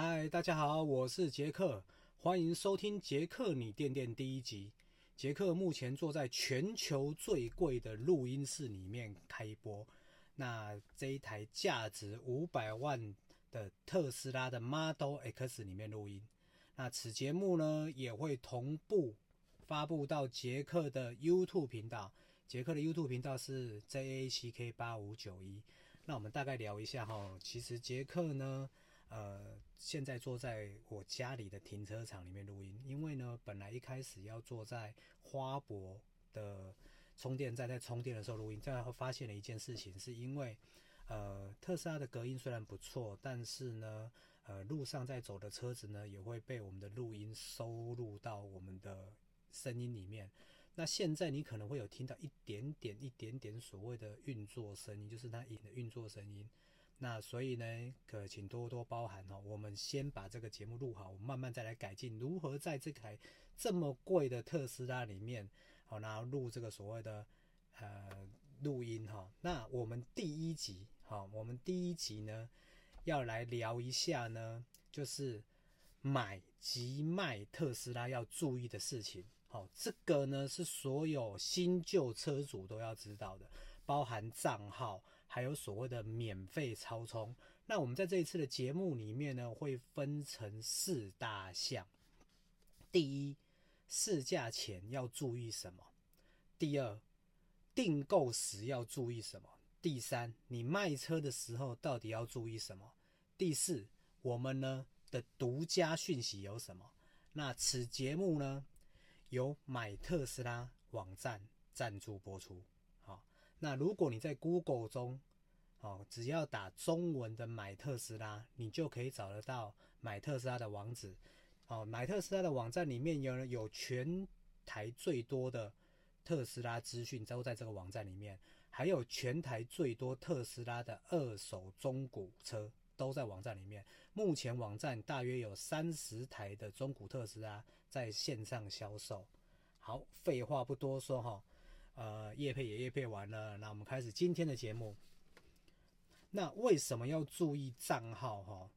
嗨，Hi, 大家好，我是傑克，歡迎收聽傑克你電電第一集。傑克目前坐在全球最貴的錄音室裡面開播，那這一台價值五百萬的特斯拉的 Model X 裡面錄音。那此節目呢也會同步發布到傑克的 YouTube 頻道，傑克的 YouTube 頻道是 JACK8591。那我們大概聊一下哈，其實傑克呢。呃，現在坐在我家裡的停車場裡面錄音，因為呢，本來一開始要坐在花博的充電站在，在充電的時候錄音，然後發現了一件事情，是因為，呃，特斯拉的隔音雖然不錯，但是呢，呃，路上在走的車子呢也會被我們的錄音收錄到我們的聲音裡面。那現在你可能會有聽到一點點、一點點所謂的運作聲音，就是它影的運作聲音。那所以呢，可請多多包涵哦。我們先把這個節目錄好，我們慢慢再來改進如何在這台這麼貴的特斯拉裡面，好，然後錄這個所謂的呃錄音哈。那我們第一集好，我們第一集呢要來聊一下呢，就是買及賣特斯拉要注意的事情。好，這個呢是所有新舊車主都要知道的，包含賬號。還有所謂的免費超充，那我們在這一次的節目裡面呢，會分成四大項：第一，試駕前要注意什麼；第二，訂購時要注意什麼；第三，你賣車的時候到底要注意什麼；第四，我們呢的獨家訊息有什麼？那此節目呢，由買特斯拉網站贊助播出。那如果你在 Google 中，哦，只要打中文的“買特斯拉”，你就可以找得到買特斯拉的網址。哦，買特斯拉的網站裡面有有全台最多的特斯拉資訊都在這個網站裡面，還有全台最多特斯拉的二手中古車都在網站裡面。目前網站大約有三十台的中古特斯拉在線上銷售。好，廢話不多說哈。呃，業配也業配完了，那我們開始今天的節目。那為什麼要注意賬號哈、哦？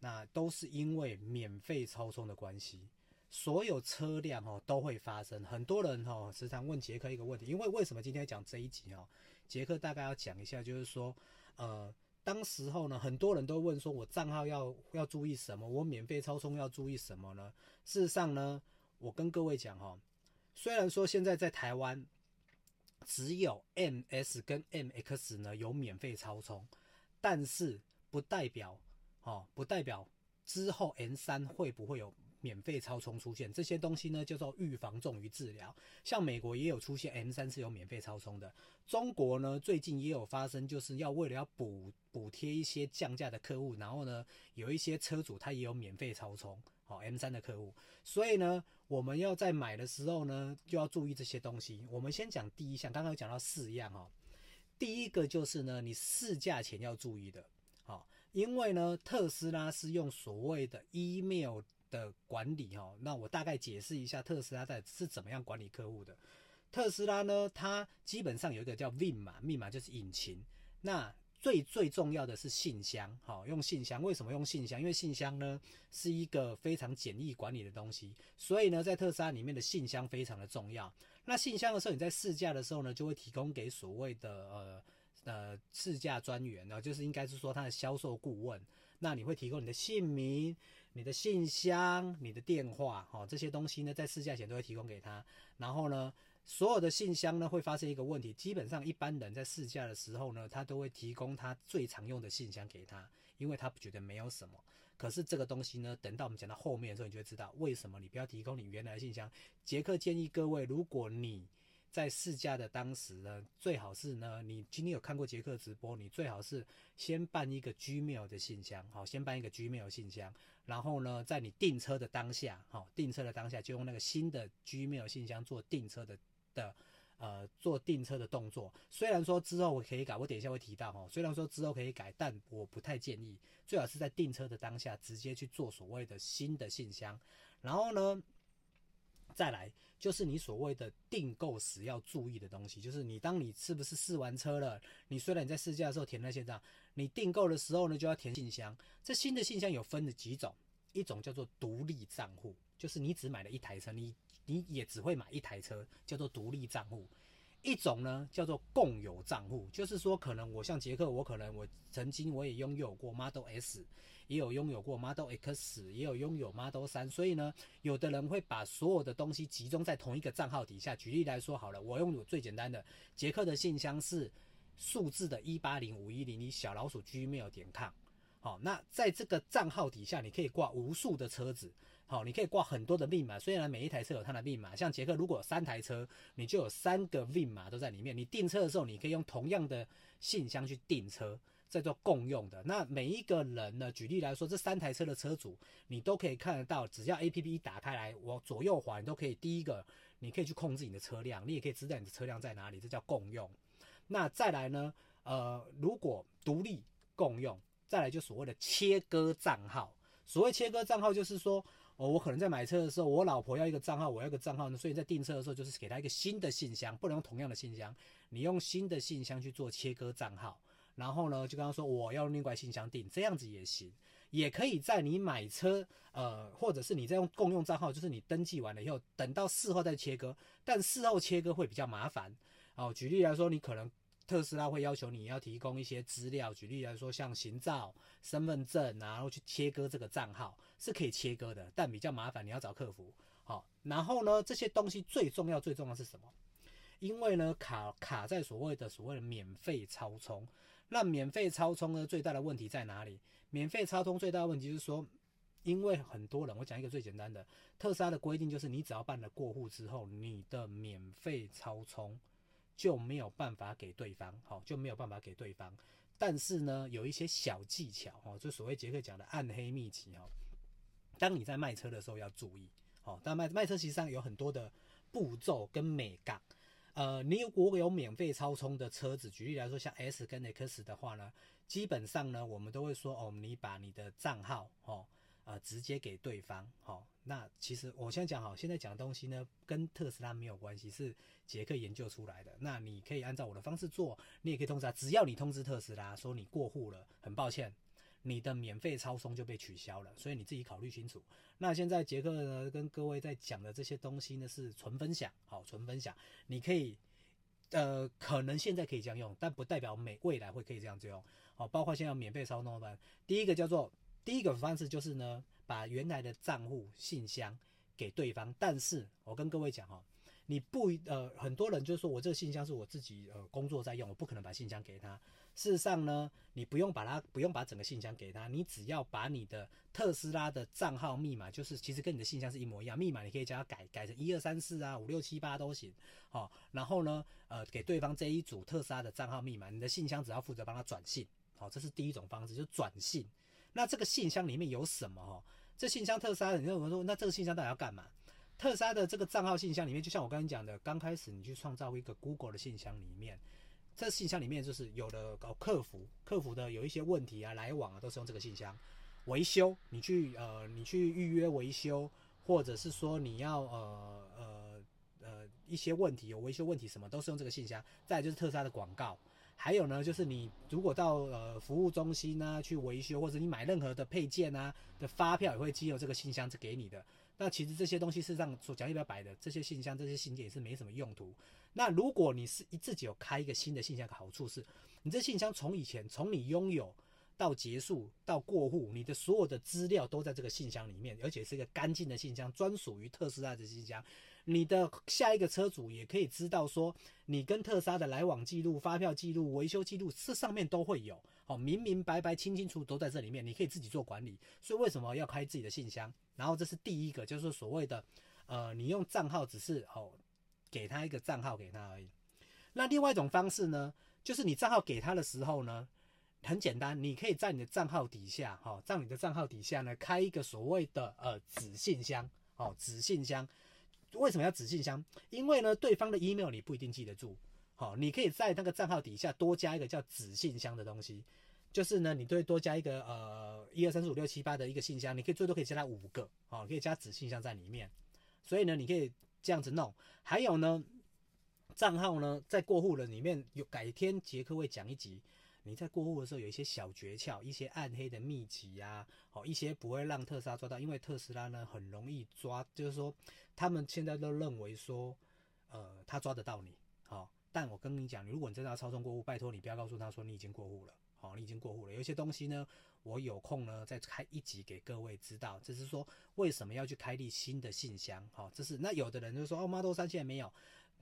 那都是因為免費超充的關係，所有車輛哦都會發生。很多人哦時常問傑克一個問題，因為為什麼今天要講這一集哦，傑克大概要講一下，就是說，呃，當時候呢，很多人都問說，我賬號要要注意什麼？我免費超充要注意什麼呢？事實上呢，我跟各位講哦，雖然說現在在台灣。只有 M S 跟 M X 呢，有免費超充，但是不代表哦，不代表之後 M 三會不會有免費超充出現？這些東西呢，叫做預防重於治療。像美國也有出現 M 三是有免費超充的，中國呢，最近也有發生，就是要為了要補補貼一些降價的客戶，然後呢，有一些車主他也有免費超充，哦 M 三的客戶，所以呢。我們要在買的時候呢，就要注意這些東西。我們先講第一項，剛剛有講到四樣哈、哦。第一個就是呢，你試駕前要注意的，好、哦，因為呢，特斯拉是用所謂的 email 的管理哈、哦。那我大概解釋一下特斯拉在是怎麼樣管理客戶的。特斯拉呢，它基本上有一個叫 VIN 碼，密碼就是引擎那。最最重要的是信箱，好、哦、用信箱。為什麼用信箱？因為信箱呢是一個非常簡易管理的東西，所以呢，在特斯拉裡面的信箱非常的重要。那信箱的時候，你在試駕的時候呢，就會提供給所謂的呃呃試駕專員，就是應該是說他的銷售顧問。那你會提供你的姓名、你的信箱、你的電話，哈、哦，這些東西呢在試駕前都會提供給他。然後呢，所有的信箱呢，會發生一個問題。基本上，一般人在試駕的時候呢，他都會提供他最常用的信箱給他，因為他不覺得沒有什麼。可是這個東西呢，等到我們講到後面的時候，你就會知道為什麼你不要提供你原來的信箱。傑克建議各位，如果你在試駕的當時呢，最好是呢，你今天有看過傑克直播，你最好是先辦一個 Gmail 的信箱，好、哦，先辦一個 Gmail 信箱，然後呢，在你訂車的當下，好、哦，訂車的當下就用那個新的 Gmail 信箱做訂車的。的，呃，做訂車的動作，雖然說之後我可以改，我等一下會提到哦。雖然說之後可以改，但我不太建議，最好是在訂車的當下直接去做所謂的新的信箱。然後呢，再來就是你所謂的訂購時要注意的東西，就是你當你是不是試完車了，你雖然你在試駕的時候填了信箱，你訂購的時候呢就要填信箱。這新的信箱有分了幾種，一種叫做獨立賬戶，就是你只買了一台車，你。你也只會買一台車，叫做獨立賬戶；一種呢叫做共有賬戶，就是說可能我像傑克，我可能我曾經我也擁有過 Model S，也有擁有過 Model X，也有擁有 Model 3，所以呢，有的人會把所有的東西集中在同一個賬號底下。舉例來說好了，我用最簡單的，傑克的信箱是數字的一八零五一零一小老鼠 gmail 點 com，好、哦，那在這個賬號底下，你可以掛無數的車子。好，你可以掛很多的密碼，雖然每一台車有它的密碼，像杰克，如果有三台車，你就有三個密碼都在裡面。你訂車的時候，你可以用同樣的信箱去訂車，這叫共用的。那每一個人呢，舉例來說，這三台車的車主，你都可以看得到，只要 APP 打開來，我左右滑，你都可以。第一個，你可以去控制你的車輛，你也可以知道你的車輛在哪裡，這叫共用。那再來呢，呃，如果獨立共用，再來就所謂的切割賬號，所謂切割賬號就是說。哦，我可能在買車的時候，我老婆要一個賬號，我要一個賬號呢，所以在訂車的時候就是給她一個新的信箱，不能用同樣的信箱。你用新的信箱去做切割賬號，然後呢，就跟她說我要用另外信箱訂，這樣子也行，也可以在你買車，呃，或者是你在用共用賬號，就是你登記完了以後，等到事後再切割，但事後切割會比較麻煩。哦，舉例來說，你可能。特斯拉會要求你要提供一些資料，舉例來說，像行照、身份證、啊，然後去切割這個賬號是可以切割的，但比較麻煩，你要找客服。好，然後呢，這些東西最重要、最重要是什麼？因為呢，卡卡在所謂的所謂的免費超充。那免費超充呢，最大的問題在哪裡？免費超充最大的問題就是說，因為很多人，我講一個最簡單的，特斯拉的規定就是，你只要辦了過戶之後，你的免費超充。就沒有辦法給對方，好、哦、就沒有辦法給對方。但是呢，有一些小技巧，哦，就所謂傑克講的暗黑秘籍哦。當你在賣車的時候要注意，哦，但賣賣車其實上有很多的步驟跟眉角。呃，你如果有免費超充的車子，舉例來說，像 S 跟 X 的話呢，基本上呢，我們都會說，哦，你把你的賬號，哦。呃，直接給對方，好、哦，那其實我現在講好，現在講的東西呢，跟特斯拉沒有關係，是傑克研究出來的。那你可以按照我的方式做，你也可以通知他、啊，只要你通知特斯拉說你過戶了，很抱歉，你的免費超充就被取消了，所以你自己考慮清楚。那現在傑克呢，跟各位在講的這些東西呢，是純分享，好、哦，純分享，你可以，呃，可能現在可以這樣用，但不代表每未來會可以這樣子用，好、哦，包括現在要免費超充的話，第一個叫做，第一個方式就是呢，把原來的賬戶信箱給對方。但是我跟各位講哈，你不呃，很多人就說，我這個信箱是我自己呃工作在用，我不可能把信箱給他。事實上呢，你不用把它，不用把整個信箱給他，你只要把你的特斯拉的賬號密碼，就是其實跟你的信箱是一模一樣。密碼你可以叫他改改成一二三四啊，五六七八都行。好，然後呢，呃，給對方這一組特斯拉的賬號密碼，你的信箱只要負責幫他轉信。好，這是第一種方式，就轉信。那這個信箱裡面有什麼哦？這信箱特斯拉的，你問我說，那這個信箱到底要幹嘛？特斯拉的這個賬號信箱裡面，就像我剛才講的，剛開始你去創造一個 Google 的信箱裡面，這信箱裡面就是有的搞、哦、客服，客服的有一些問題啊，來往啊都是用這個信箱。維修，你去呃，你去預約維修，或者是說你要呃呃呃一些問題，有維修問題什麼，都是用這個信箱。再來就是特斯拉的廣告。還有呢，就是你如果到呃服務中心呢、啊、去維修，或者你買任何的配件啊的發票，也會經由這個信箱給你的。那其實這些東西是讓所講要不要擺的，這些信箱、這些信件也是沒什麼用途。那如果你是自己有開一個新的信箱的好處是，你這信箱從以前從你擁有到結束到過戶，你的所有的資料都在這個信箱裡面，而且是一個乾淨的信箱，專屬於特斯拉的信箱。你的下一個車主也可以知道，說你跟特斯拉的來往記錄、發票記錄、維修記錄，這上面都會有，哦，明明白白、清清楚楚都在這裡面，你可以自己做管理。所以為什麼要開自己的信箱？然後這是第一個，就是說所謂的，呃，你用賬號只是哦，給他一個賬號給他而已。那另外一種方式呢，就是你賬號給他的時候呢，很簡單，你可以在你的賬號底下，哈、哦，在你的賬號底下呢，開一個所謂的呃子信箱，哦，子信箱。為什麼要子信箱？因為呢，對方的 email 你不一定記得住，好、哦，你可以在那個賬號底下多加一個叫子信箱的東西，就是呢，你最多多加一個呃一二三四五六七八的一個信箱，你可以最多可以加它五個，好、哦，你可以加子信箱在裡面。所以呢，你可以這樣子弄。還有呢，賬號呢，在過戶了裡面有，改天傑克會講一集。你在過戶的時候有一些小訣竅，一些暗黑的秘籍呀，哦，一些不會讓特斯拉抓到，因為特斯拉呢很容易抓，就是說他們現在都認為說，呃，他抓得到你，好，但我跟你講，你如果你真的要超充過戶，拜托你不要告訴他說你已經過戶了，好，你已經過戶了。有一些東西呢，我有空呢再開一集給各位知道，這、就是說為什麼要去開立新的信箱，好，這是那有的人就說哦，Model 三現在沒有，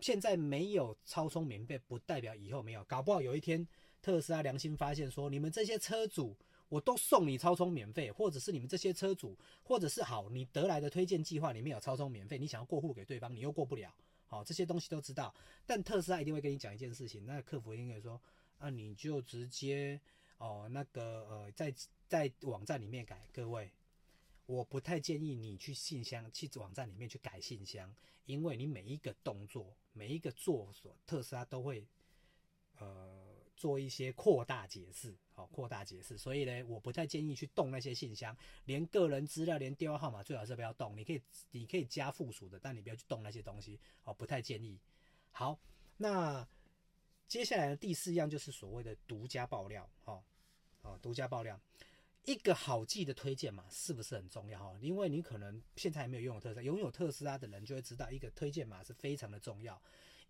現在沒有超充免費，不代表以後沒有，搞不好有一天。特斯拉良心發現說，說你們這些車主，我都送你超充免費，或者是你們這些車主，或者是好，你得來的推薦計劃裡面有超充免費，你想要過戶給對方，你又過不了，好、哦，這些東西都知道。但特斯拉一定會跟你講一件事情，那客服應該說，那、啊、你就直接哦，那個呃，在在網站裡面改。各位，我不太建議你去信箱去網站裡面去改信箱，因為你每一個動作，每一個做所，特斯拉都會呃。做一些擴大解釋，好、哦，擴大解釋。所以呢，我不太建議去動那些信箱，連個人資料、連電話號碼，最好是不要動。你可以，你可以加附屬的，但你不要去動那些東西，好、哦，不太建議。好，那接下來的第四樣就是所謂的獨家爆料，哦，哦，獨家爆料。一個好記的推薦碼是不是很重要？哈，因為你可能現在還沒有擁有特斯拉，擁有特斯拉的人就會知道，一個推薦碼是非常的重要。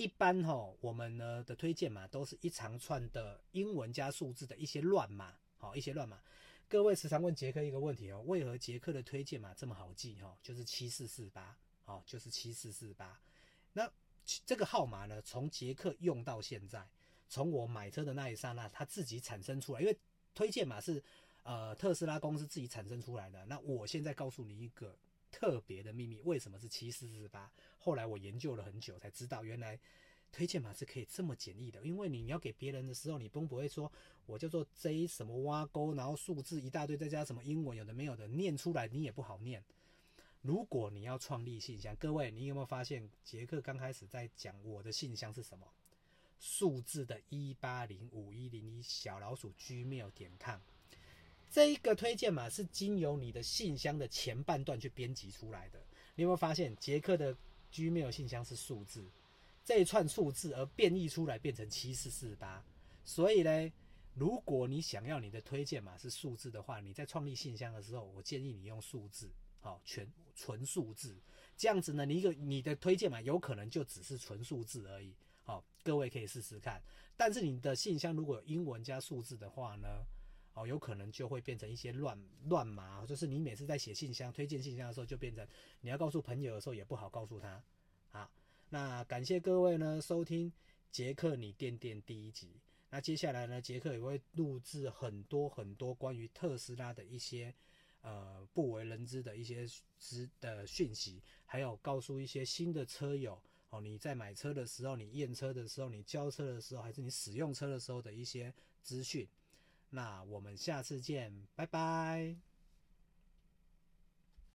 一般哈、哦，我們呢的推薦碼都是一長串的英文加數字的一些亂碼，好、哦、一些亂碼。各位時常問傑克一個問題哦，為何傑克的推薦碼這麼好記哈、哦？就是七四四八，好就是七四四八。那這個號碼呢，從傑克用到現在，從我買車的那一剎那，它自己產生出來，因為推薦碼是呃特斯拉公司自己產生出來的。那我現在告訴你一個。特別的秘密為什麼是七四四八？後來我研究了很久，才知道原來推薦碼是可以這麼簡易的。因為你要給別人的時候，你都不會說我叫做 J 什麼挖鈎，然後數字一大堆，再加什麼英文，有的沒有的，念出來你也不好念。如果你要創立信箱，各位，你有沒有發現傑克剛開始在講我的信箱是什麼？數字的一八零五一零一小老鼠 Gmail.com。這一個推薦碼是經由你的信箱的前半段去編輯出來的。你有沒有發現，傑克的 Gmail 信箱是數字，這一串數字而變異出來變成七四四八。所以呢，如果你想要你的推薦碼是數字的話，你在創立信箱的時候，我建議你用數字，好、哦，全純數字。這樣子呢，你有你的推薦碼有可能就只是純數字而已。好、哦，各位可以試試看。但是你的信箱如果有英文加數字的話呢？哦，有可能就會變成一些亂亂碼，就是你每次在寫信箱、推薦信箱的時候，就變成你要告訴朋友的時候也不好告訴他啊。好，那感謝各位呢收聽杰克你電電第一集。那接下來呢，杰克也會錄製很多很多關於特斯拉的一些呃不為人知的一些知的訊息，還有告訴一些新的車友哦，你在買車的時候、你驗車的時候、你交車的時候，還是你使用車的時候的一些資訊。那我們下次見，拜拜。